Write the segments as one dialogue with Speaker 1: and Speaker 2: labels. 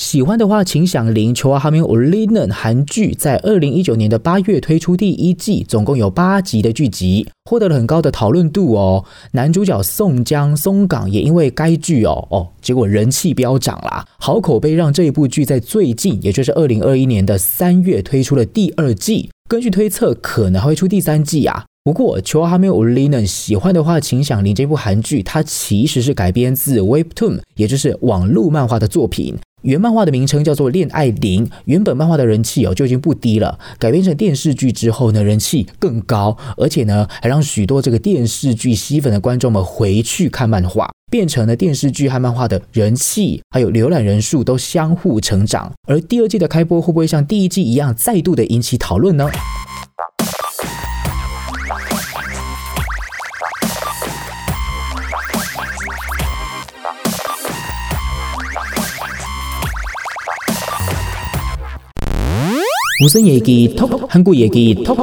Speaker 1: 喜歡的話，請響鈴。《求愛哈密歐戀嫩韓劇在二零一九年的八月推出第一季，總共有八集的劇集，獲得了很高的討論度哦。男主角宋江松崗也因為該劇哦哦，結果人氣飆漲啦。好口碑讓這一部劇在最近，也就是二零二一年的三月推出了第二季。根據推測，可能還會出第三季啊。不過，《求愛哈密歐戀嫩喜歡的話，請響鈴。這部韓劇它其實是改編自 Webtoon，也就是網路漫畫的作品。原漫畫的名稱叫做《戀愛鈴》，原本漫畫的人氣哦就已經不低了。改編成電視劇之後呢，人氣更高，而且呢還讓許多這個電視劇吸粉的觀眾們回去看漫畫，變成了電視劇和漫畫的人氣還有瀏覽人數都相互成長。而第二季的開播會不會像第一季一樣再度的引起討論呢？무슨얘기톡한국얘기톡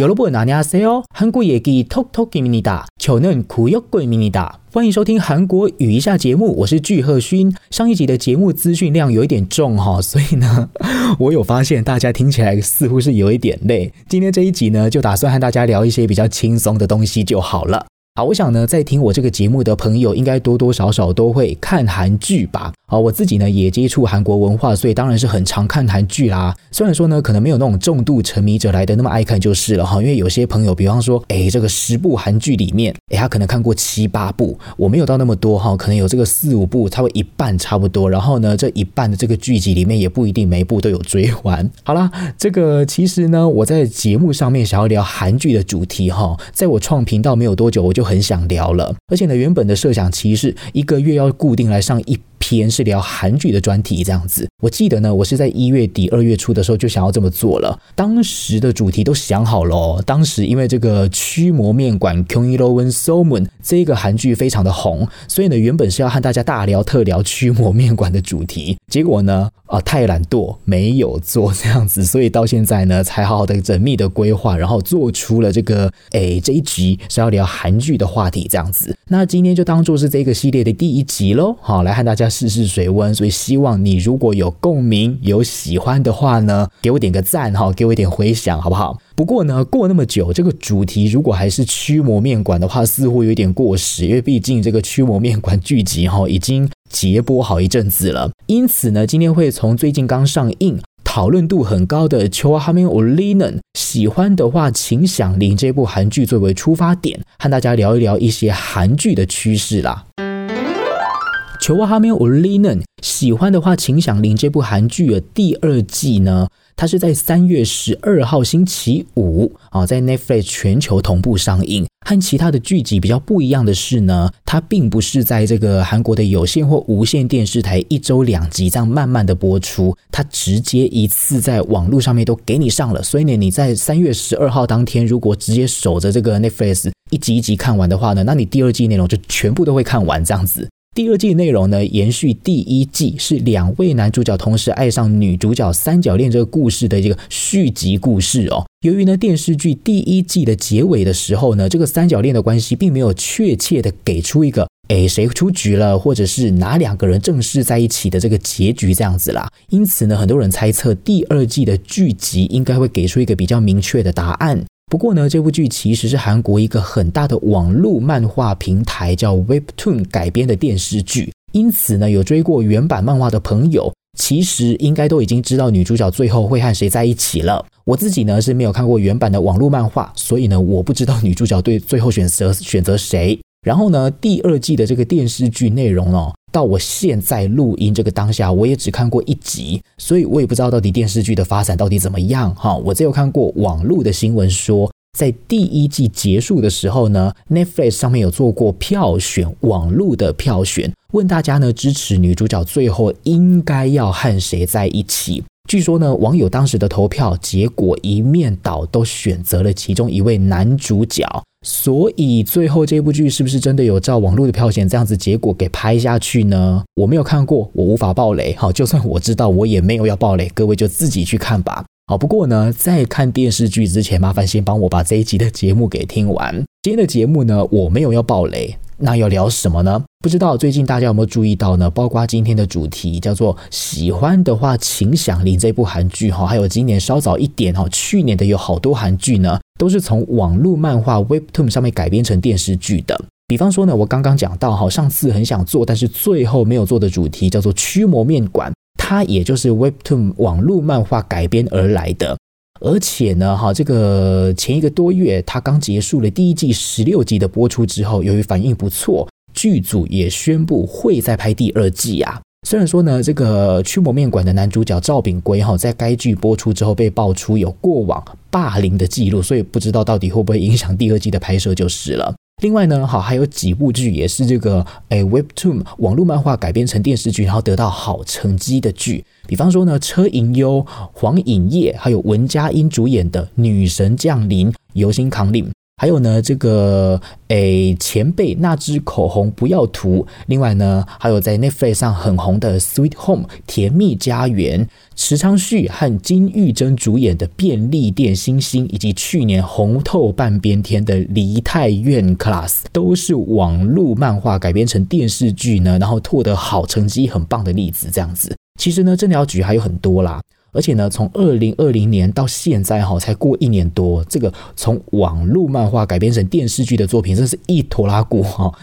Speaker 1: 여러분안녕하세요한국얘기톡톡입니다저는구역골입니다歡迎收聽韓國語一下節目，我是具赫勳。上一集的節目資訊量有一點重，哦，所以呢，我有發現大家聽起來似乎是有一點累。今天這一集呢，就打算和大家聊一些比較輕鬆的東西就好了。好，我想呢，在聽我這個節目的朋友，應該多多少少都會看韓劇吧？好，我自己呢也接觸韓國文化，所以當然是很常看韓劇啦。雖然說呢，可能沒有那種重度沉迷者來的那麼愛看就是了哈。因為有些朋友，比方說，哎，這個十部韓劇裡面，哎，他可能看過七八部，我沒有到那麼多哈，可能有這個四五部，差不多一半差不多。然後呢，這一半的這個劇集裡面，也不一定每一部都有追完。好啦，這個其實呢，我在節目上面想要聊韓劇的主題哈，在我創頻道沒有多久，我就。就很想聊了，而且呢，原本的設想其實是一個月要固定來上一篇，是聊韓劇的專題這樣子。我記得呢，我是在一月底、二月初的時候就想要這麼做了，當時的主題都想好了哦。當時因為這個《驅魔麵館》（경이로운소문 Kyung-i-ro-un So-mun） 這個韓劇非常的紅，所以呢，原本是要和大家大聊特聊《驅魔麵館》的主題。結果呢，啊，太懶惰，沒有做這樣子，所以到現在呢，才好好的、縝密的規劃，然後做出了這個誒、哎、這一集是要聊韓劇。劇的話題這樣子，那今天就當做是這個系列的第一集嘍，好，來和大家試試水溫。所以希望你如果有共鳴、有喜歡的話呢，給我點個讚哈、哦，給我一點回響，好不好？不過呢，過那麼久，這個主題如果還是驅魔麵館的話，似乎有點過時，因為畢竟這個驅魔麵館劇集哈、哦、已經結播好一陣子了。因此呢，今天會從最近剛上映、討論度很高的《喬瓦哈米歐里嫩》，喜歡的話請響鈴這部韓劇作為出發點，和大家聊一聊一些韓劇的趨勢啦。《喬瓦哈米歐里嫩》，喜歡的話請響鈴這部韓劇的第二季呢，它是在三月十二號星期五啊，在 Netflix 全球同步上映。和其他的劇集比較不一樣的是呢，它並不是在這個韓國的有線或無線電視台一週兩集這樣慢慢的播出，它直接一次在網絡上面都給你上了。所以呢，你在三月十二號當天如果直接守着這個 Netflix 一集一集看完的話呢，那你第二季內容就全部都會看完這樣子。第二季內容呢，延續第一季是兩位男主角同時愛上女主角三角戀這個故事的一個續集故事哦。由於呢，電視劇第一季的結尾的時候呢，這個三角戀的關係並沒有確切的給出一個，誒誰出局了，或者是哪兩個人正式在一起的這個結局這樣子啦。因此呢，很多人猜測第二季的劇集應該會給出一個比較明確的答案。不過呢，這部劇其實是韓國一個很大的網絡漫畫平台叫 Webtoon 改編的電視劇，因此呢，有追過原版漫畫的朋友，其實應該都已經知道女主角最後會和誰在一起了。我自己呢是沒有看過原版的網絡漫畫，所以呢，我不知道女主角對最後選擇選擇誰。然後呢，第二季的這個電視劇內容呢、哦？到我現在錄音這個當下，我也只看過一集，所以我也不知道到底電視劇的發展到底怎麼樣哈。我只有看過網路的新聞說，在第一季結束的時候呢，Netflix 上面有做過票選，網路的票選，問大家呢支持女主角最後應該要和誰在一起。據說呢，網友當時的投票結果一面倒，都選擇了其中一位男主角。所以最後這部劇是不是真的有照網絡的票選這樣子結果給拍下去呢？我沒有看過，我無法爆雷。好，就算我知道，我也沒有要爆雷。各位就自己去看吧。好，不過呢，在看電視劇之前，麻煩先幫我把這一集的節目給聽完。今天的節目呢，我沒有要爆雷。那要聊什麼呢？不知道最近大家有沒有注意到呢？包括今天的主題叫做“喜歡的話，請響鈴”這部韓劇哈，還有今年稍早一點哈，去年的有好多韓劇呢，都是從網絡漫畫 Webtoon 上面改編成電視劇的。比方說呢，我剛剛講到哈，上次很想做但是最後沒有做的主題叫做《驅魔麵館》，它也就是 Webtoon 網絡漫畫改編而來的。而且呢，哈，這個前一個多月，他剛結束了第一季十六集的播出之後，由於反應不錯，劇組也宣佈會再拍第二季啊。雖然說呢，這個《驅魔麵館》的男主角趙炳圭哈，在該劇播出之後被爆出有過往霸凌的記錄，所以不知道到底會不會影響第二季的拍攝就是了。另外呢，好，還有幾部劇也是這個誒、欸、webtoon 網絡漫畫改編成電視劇，然後得到好成績的劇，比方說呢，車銀優、黃穎燁還有文佳音主演的《女神降臨》康，由心扛令》。還有呢，這個誒，前輩那支口紅不要塗。另外呢，還有在 Netflix 上很紅的《Sweet Home》甜蜜家園，池昌旭和金裕貞主演的便利店星星，以及去年紅透半邊天的《梨泰院 Class》，都是網路漫畫改編成電視劇呢，然後獲得好成績，很棒的例子。這樣子，其實呢，這條舉還有很多啦。而且呢，從二零二零年到現在哈、哦，才過一年多，這個從網路漫畫改編成電視劇的作品，真的是一拖拉古哈、哦，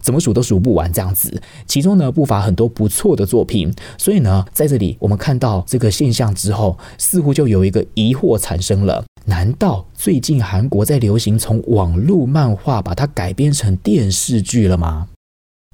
Speaker 1: 怎麼數都數不完這樣子。其中呢，不乏很多不錯的作品。所以呢，在這裡我們看到這個現象之後，似乎就有一個疑惑產生了：難道最近韓國在流行從網路漫畫把它改編成電視劇了嗎？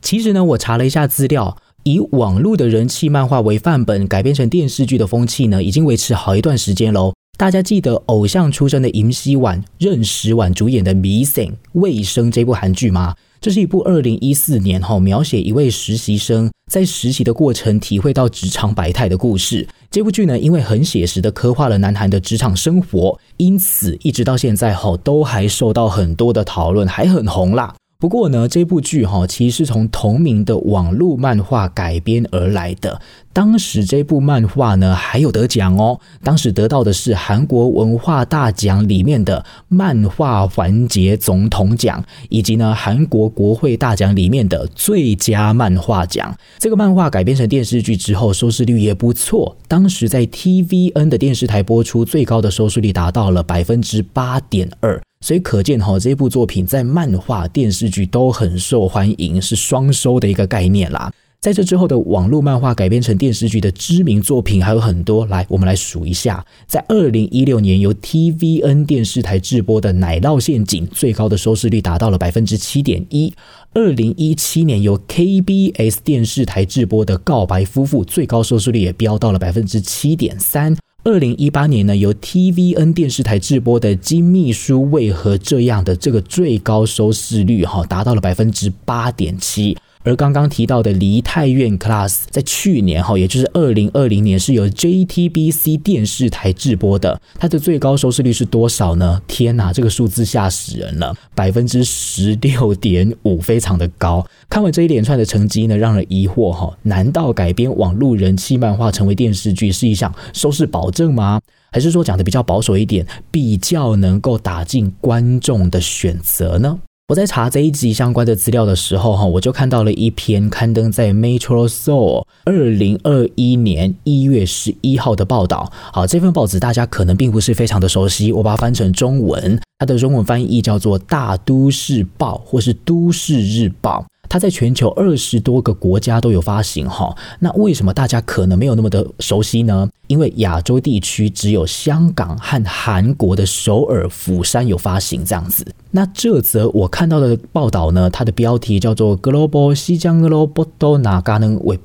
Speaker 1: 其實呢，我查了一下資料。以網絡的人氣漫畫為範本改編成電視劇的風氣呢，已經維持好一段時間嘍。大家記得偶像出身的尹熙婉，任時完主演的《Missing 衛生》這部韓劇嗎？這是一部二零一四年哈、哦，描寫一位實習生在實習的過程體會到職場百態的故事。這部劇呢，因為很寫實的刻畫了南韓的職場生活，因此一直到現在哈、哦，都還受到很多的討論，還很紅啦。不過呢，這部劇哈、哦，其實是從同名的網絡漫畫改編而來的。當時這部漫畫呢，還有得獎哦。當時得到的是韓國文化大獎裡面的漫畫環節總統獎，以及呢韓國國會大獎裡面的最佳漫畫獎。這個漫畫改編成電視劇之後，收視率也不錯。當時在 TVN 的電視台播出，最高的收視率達到了百分之八點二。所以可見哈、哦，這部作品在漫畫、電視劇都很受歡迎，是雙收的一個概念啦。在這之後的網絡漫畫改編成電視劇的知名作品還有很多，來我們來數一下：在二零一六年由 TVN 電視台制播的《奶酪陷阱》，最高的收視率達到了百分之七點一；二零一七年由 KBS 電視台制播的《告白夫婦》，最高收視率也飆到了百分之七點三。二零一八年呢，由 TVN 電視台製播的《金秘書為何這樣》的這個最高收視率哈、啊，達到了百分之八點七。而剛剛提到的《梨泰院 Class》在去年哈，也就是二零二零年，是由 JTBC 電視台製播的。它的最高收視率是多少呢？天哪，這個數字嚇死人了，百分之十六點五，非常的高。看完這一連串的成績呢，讓人疑惑哈，難道改編網路人氣漫畫成為電視劇是一項收視保證嗎？還是說講的比較保守一點，比較能夠打進觀眾的選擇呢？我在查這一集相關的資料的時候，哈，我就看到了一篇刊登在 Metro Seoul 二零二一年一月十一號的報道。好，這份報紙大家可能並不是非常的熟悉，我把它翻成中文，它的中文翻譯叫做《大都市報》或是《都市日報》。它在全球二十多個國家都有發行哈，那為什麼大家可能沒有那麼的熟悉呢？因為亞洲地區只有香港和韓國的首爾、釜山有發行這樣子。那這則我看到的報道呢，它的標題叫做《Global 西江 Global 都哪嘎能 Webtoon》，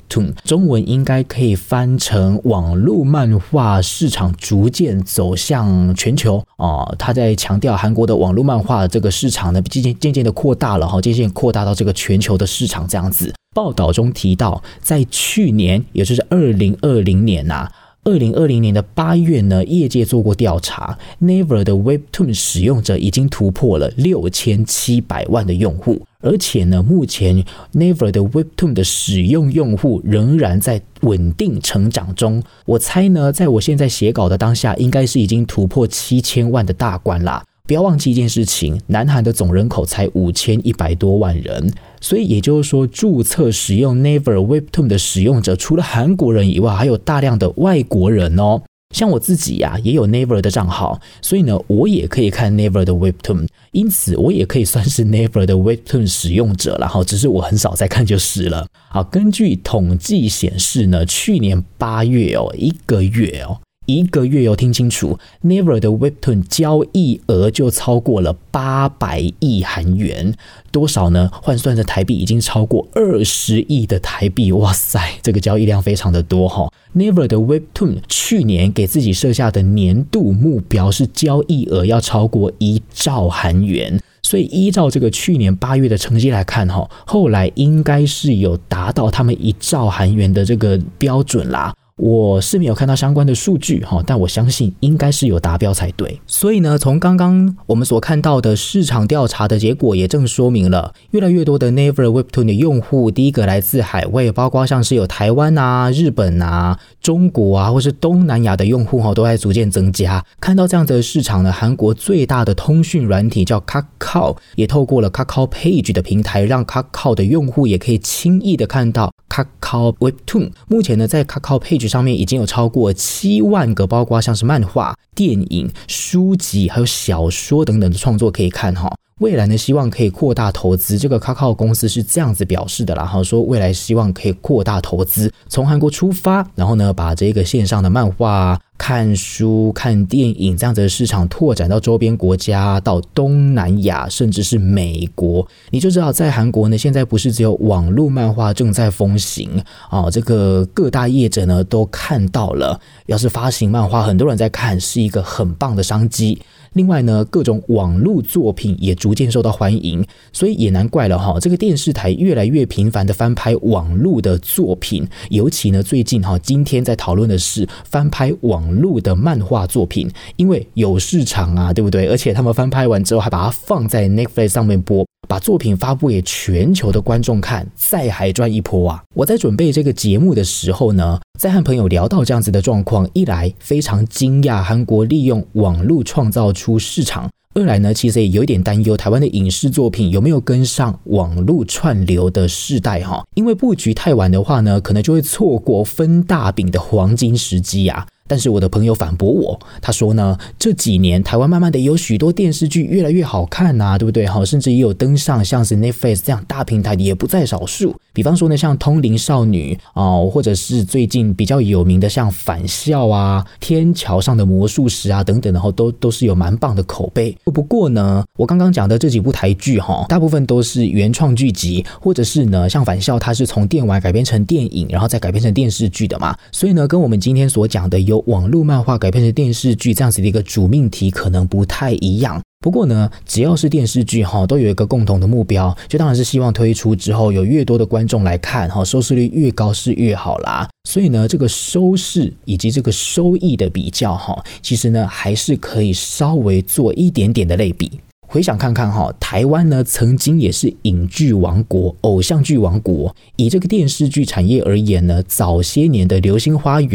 Speaker 1: 中文應該可以翻成“網絡漫畫市場逐漸走向全球”。哦，他在強調韓國的網絡漫畫這個市場呢，漸漸漸漸的擴大了哈，漸漸擴大到這個全球的市場這樣子，報道中提到，在去年，也就是二零二零年吶、啊，二零二零年的八月呢，業界做過調查，Naver 的 Webtoon 使用者已經突破了六千七百萬的用戶，而且呢，目前 Naver 的 Webtoon 的使用用戶仍然在穩定成長中。我猜呢，在我現在寫稿的當下，應該是已經突破七千萬的大關啦。不要忘記一件事情，南韓的總人口才五千一百多萬人，所以也就是說，註冊使用 Naver Webtoon 的使用者，除了韓國人以外，還有大量的外國人哦。像我自己呀、啊，也有 Naver 的賬號，所以呢，我也可以看 Naver 的 Webtoon，因此我也可以算是 Naver 的 Webtoon 使用者了哈，只是我很少再看就是了。好，根據統計顯示呢，去年八月哦，一個月哦。一個月有聽清楚 Naver 的 Webtoon 交易額就超過了八百億韓元，多少呢？換算着台幣，已經超過二十億的台幣。哇塞，這個交易量非常的多哈、哦、Naver 的 Webtoon 去年給自己設下的年度目標是交易額要超過一兆韓元，所以依照這個去年八月的成績來看哈、哦，後來應該是有達到他們一兆韓元的這個標準啦。我是沒有看到相關的數據哈，但我相信應該是有達標才對。所以呢，從剛剛我們所看到的市場調查的結果，也正說明了越來越多的 Naver Webtoon 的用戶，第一個來自海外，包括像是有台灣吶、啊、日本吶、啊、中國啊，或是東南亞的用戶哈，都在逐漸增加。看到這樣子的市場呢，韓國最大的通訊軟體叫 Kakao，也透過了 Kakao Page 的平台，讓 Kakao 的用戶也可以輕易的看到 Kakao Webtoon。目前呢，在 Kakao Page 上面已經有超過七萬個，包括像是漫畫、電影、書籍，還有小說等等的創作可以看哈。未來呢，希望可以擴大投資。這個 Kakao 公司是這樣子表示的啦，哈，說未來希望可以擴大投資，從韓國出發，然後呢，把這個線上的漫畫、看書、看電影這樣子的市場拓展到周邊國家，到東南亞，甚至是美國。你就知道，在韓國呢，現在不是只有網絡漫畫正在風行啊、哦，這個各大業者呢都看到了，要是發行漫畫，很多人在看，是一個很棒的商機。另外呢，各種網絡作品也逐漸受到歡迎，所以也難怪了哈。這個電視台越來越頻繁地翻拍網絡的作品，尤其呢最近哈，今天在討論的是翻拍網絡的漫畫作品，因為有市場啊，對不對？而且他們翻拍完之後還把它放在 Netflix 上面播。把作品發布給全球的觀眾看，再還賺一波啊！我在準備這個節目的時候呢，在和朋友聊到這樣子的狀況，一來非常驚訝，韓國利用網絡創造出市場；二來呢，其實也有一點擔憂，台灣的影視作品有沒有跟上網絡串流的世代哈？因為布局太晚的話呢，可能就會錯過分大餅的黃金時機啊！但是我的朋友反駁我，他說呢，這幾年台灣慢慢的有許多電視劇越來越好看吶、啊，對不對？好，甚至也有登上像是 Netflix 這樣大平台的也不在少數。比方說呢，像《通靈少女》哦，或者是最近比較有名的像《返校》啊，《天橋上的魔術師、啊》啊等等的，然後都都是有蠻棒的口碑。不過呢，我剛剛講的這幾部台劇哈、哦，大部分都是原創劇集，或者是呢，像《返校》它是從電玩改編成電影，然後再改編成電視劇的嘛，所以呢，跟我們今天所講的有。網絡漫畫改編成電視劇這樣子的一個主命題可能不太一樣，不過呢，只要是電視劇哈，都有一個共同的目標，就當然是希望推出之後有越多的觀眾來看哈，收視率越高是越好啦。所以呢，這個收視以及這個收益的比較哈，其實呢，還是可以稍微做一點點的類比，回想看看哈，台灣呢曾經也是影劇王國、偶像劇王國，以這個電視劇產業而言呢，早些年的《流星花園》。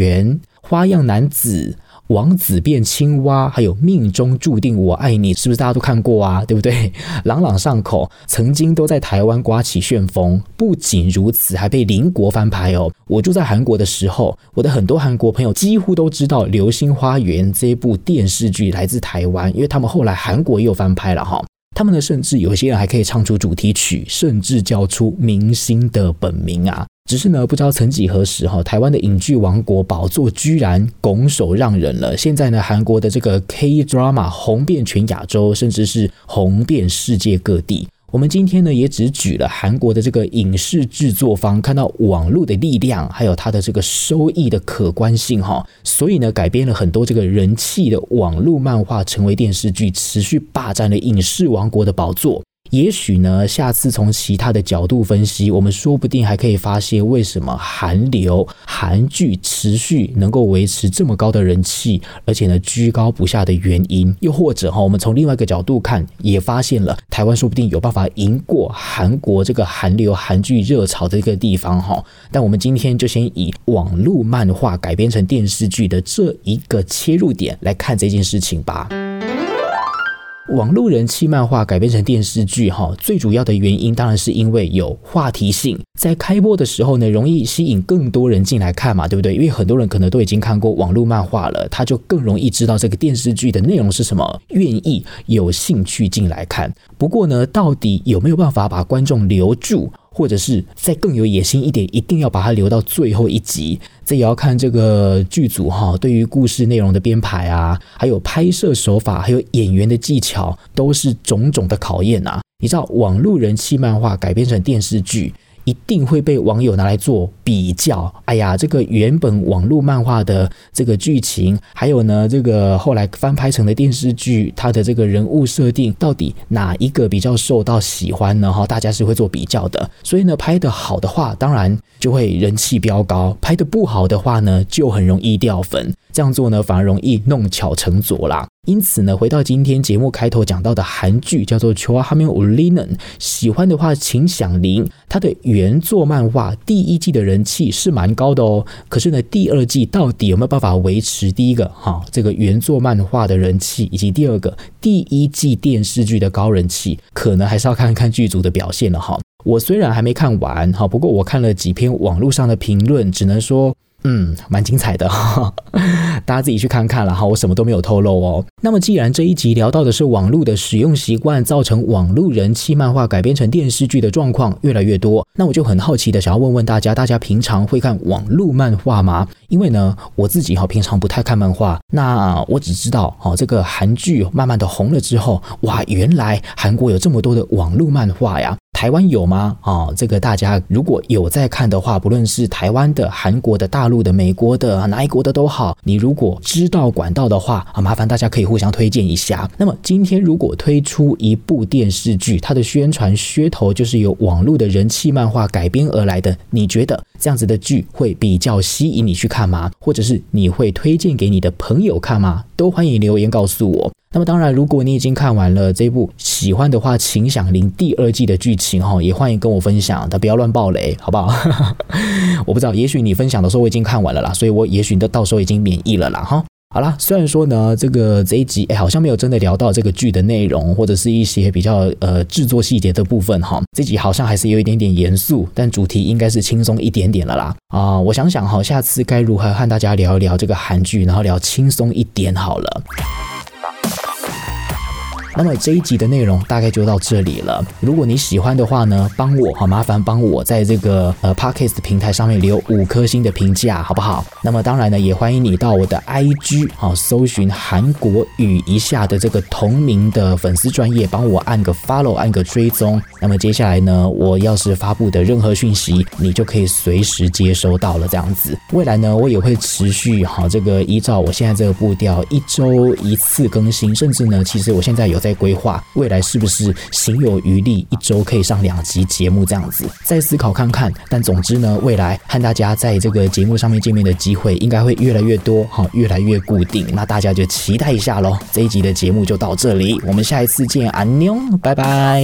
Speaker 1: 花樣男子、王子變青蛙，還有命中注定我愛你，是不是大家都看過啊？對不對？朗朗上口，曾經都在台灣颳起旋風。不僅如此，還被鄰國翻拍哦。我住在韓國的時候，我的很多韓國朋友幾乎都知道《流星花園》這一部電視劇來自台灣，因為他們後來韓國又翻拍了哈、哦。他們呢，甚至有些人還可以唱出主題曲，甚至叫出明星的本名啊。只是呢，不知道曾幾何時哈，台灣的影劇王國寶座居然拱手讓人了。現在呢，韓國的這個 K-drama 紅遍全亞洲，甚至是紅遍世界各地。我們今天呢，也只舉了韓國的這個影視制作方，看到網絡的力量，還有它的這個收益的可觀性哈，所以呢，改編了很多這個人氣的網絡漫畫成為電視劇，持續霸佔了影視王國的寶座。也許呢，下次從其他的角度分析，我們說不定還可以發現為什麼韓流、韓劇持續能夠維持這麼高的人氣，而且呢，居高不下的原因。又或者哈，我們從另外一個角度看，也發現了台灣說不定有辦法贏過韓國這個韓流、韓劇熱潮的一個地方哈。但我們今天就先以網路漫畫改編成電視劇的這一個切入點來看這件事情吧。網絡人氣漫畫改編成電視劇，哈，最主要的原因當然是因為有話題性，在開播的時候呢，容易吸引更多人進來看嘛，對不對？因為很多人可能都已經看過網絡漫畫了，他就更容易知道這個電視劇的內容是什麼，願意有興趣進來看。不過呢，到底有沒有辦法把觀眾留住？或者是再更有野心一點，一定要把它留到最後一集。這也要看這個劇組哈，對於故事內容的編排啊，還有拍攝手法，還有演員的技巧，都是種種的考驗吶、啊。你知道網絡人氣漫畫改編成電視劇。一定會被網友拿來做比較。哎呀，這個原本網絡漫畫的這個劇情，還有呢，這個後來翻拍成的電視劇，它的這個人物設定，到底哪一個比較受到喜歡呢？哈，大家是會做比較的。所以呢，拍得好的話，當然就會人氣飆高，拍得不好的話呢，就很容易掉粉。這樣做呢，反而容易弄巧成拙啦。因此呢，回到今天節目開頭講到的韓劇，叫做《Chohamulinen》，喜歡的話請響鈴。它的原作漫畫第一季的人氣是蠻高的哦。可是呢，第二季到底有沒有辦法維持第一個哈這個原作漫畫的人氣，以及第二個第一季電視劇的高人氣，可能還是要看看劇組的表現了哈。我雖然還沒看完哈，不過我看了幾篇網絡上的評論，只能說。嗯，蠻精彩的，哈哈，大家自己去看看啦，然後我什麼都沒有透露哦。那麼既然這一集聊到的是網絡的使用習慣造成網絡人氣漫畫改編成電視劇的狀況越來越多，那我就很好奇的想要問問大家，大家平常會看網絡漫畫嗎？因為呢，我自己哈平常不太看漫畫，那我只知道哦，這個韓劇慢慢的紅了之後，哇，原來韓國有這麼多的網絡漫畫呀！台灣有嗎？啊、哦，這個大家如果有在看的話，不論是台灣的、韓國的、大陸的、美國的哪一國的都好，你如果知道管道的話啊，麻煩大家可以。互相推薦一下。那麼今天如果推出一部電視劇，它的宣傳噱頭就是由網絡的人氣漫畫改編而來的，你覺得這樣子的劇會比較吸引你去看嗎？或者是你會推薦給你的朋友看嗎？都歡迎留言告訴我。那麼當然，如果你已經看完了這部，喜歡的話，請響鈴第二季的劇情哈、哦，也歡迎跟我分享，但不要亂爆雷，好不好？ 我不知道，也許你分享的時候我已經看完了啦，所以我也許到到時候已經免疫了啦哈。好啦，雖然說呢，這個這一集哎、欸，好像沒有真的聊到這個劇的內容，或者是一些比較呃制作細節的部分哈。這集好像還是有一點點嚴肅，但主題應該是輕鬆一點點了啦。啊、呃，我想想哈，下次該如何和大家聊一聊這個韓劇，然後聊輕鬆一點好了。那麼這一集的內容大概就到這裡了。如果你喜歡的話呢，幫我好麻煩幫我在這個呃 Podcast 平台上面留五顆星的評價，好不好？那麼當然呢，也歡迎你到我的 IG 好搜尋韓國語一下的這個同名的粉絲專頁，幫我按個 follow 按個追蹤。那麼接下來呢，我要是發布的任何訊息，你就可以隨時接收到了，這樣子。未來呢，我也會持續好這個依照我現在這個步調，一周一次更新，甚至呢，其實我現在有。在規劃未來是不是行有餘力，一周可以上兩集節目這樣子，再思考看看。但總之呢，未來和大家在這個節目上面見面的機會應該會越來越多，好，越來越固定。那大家就期待一下嘍。這一集的節目就到這裡，我們下一次見安妞拜拜。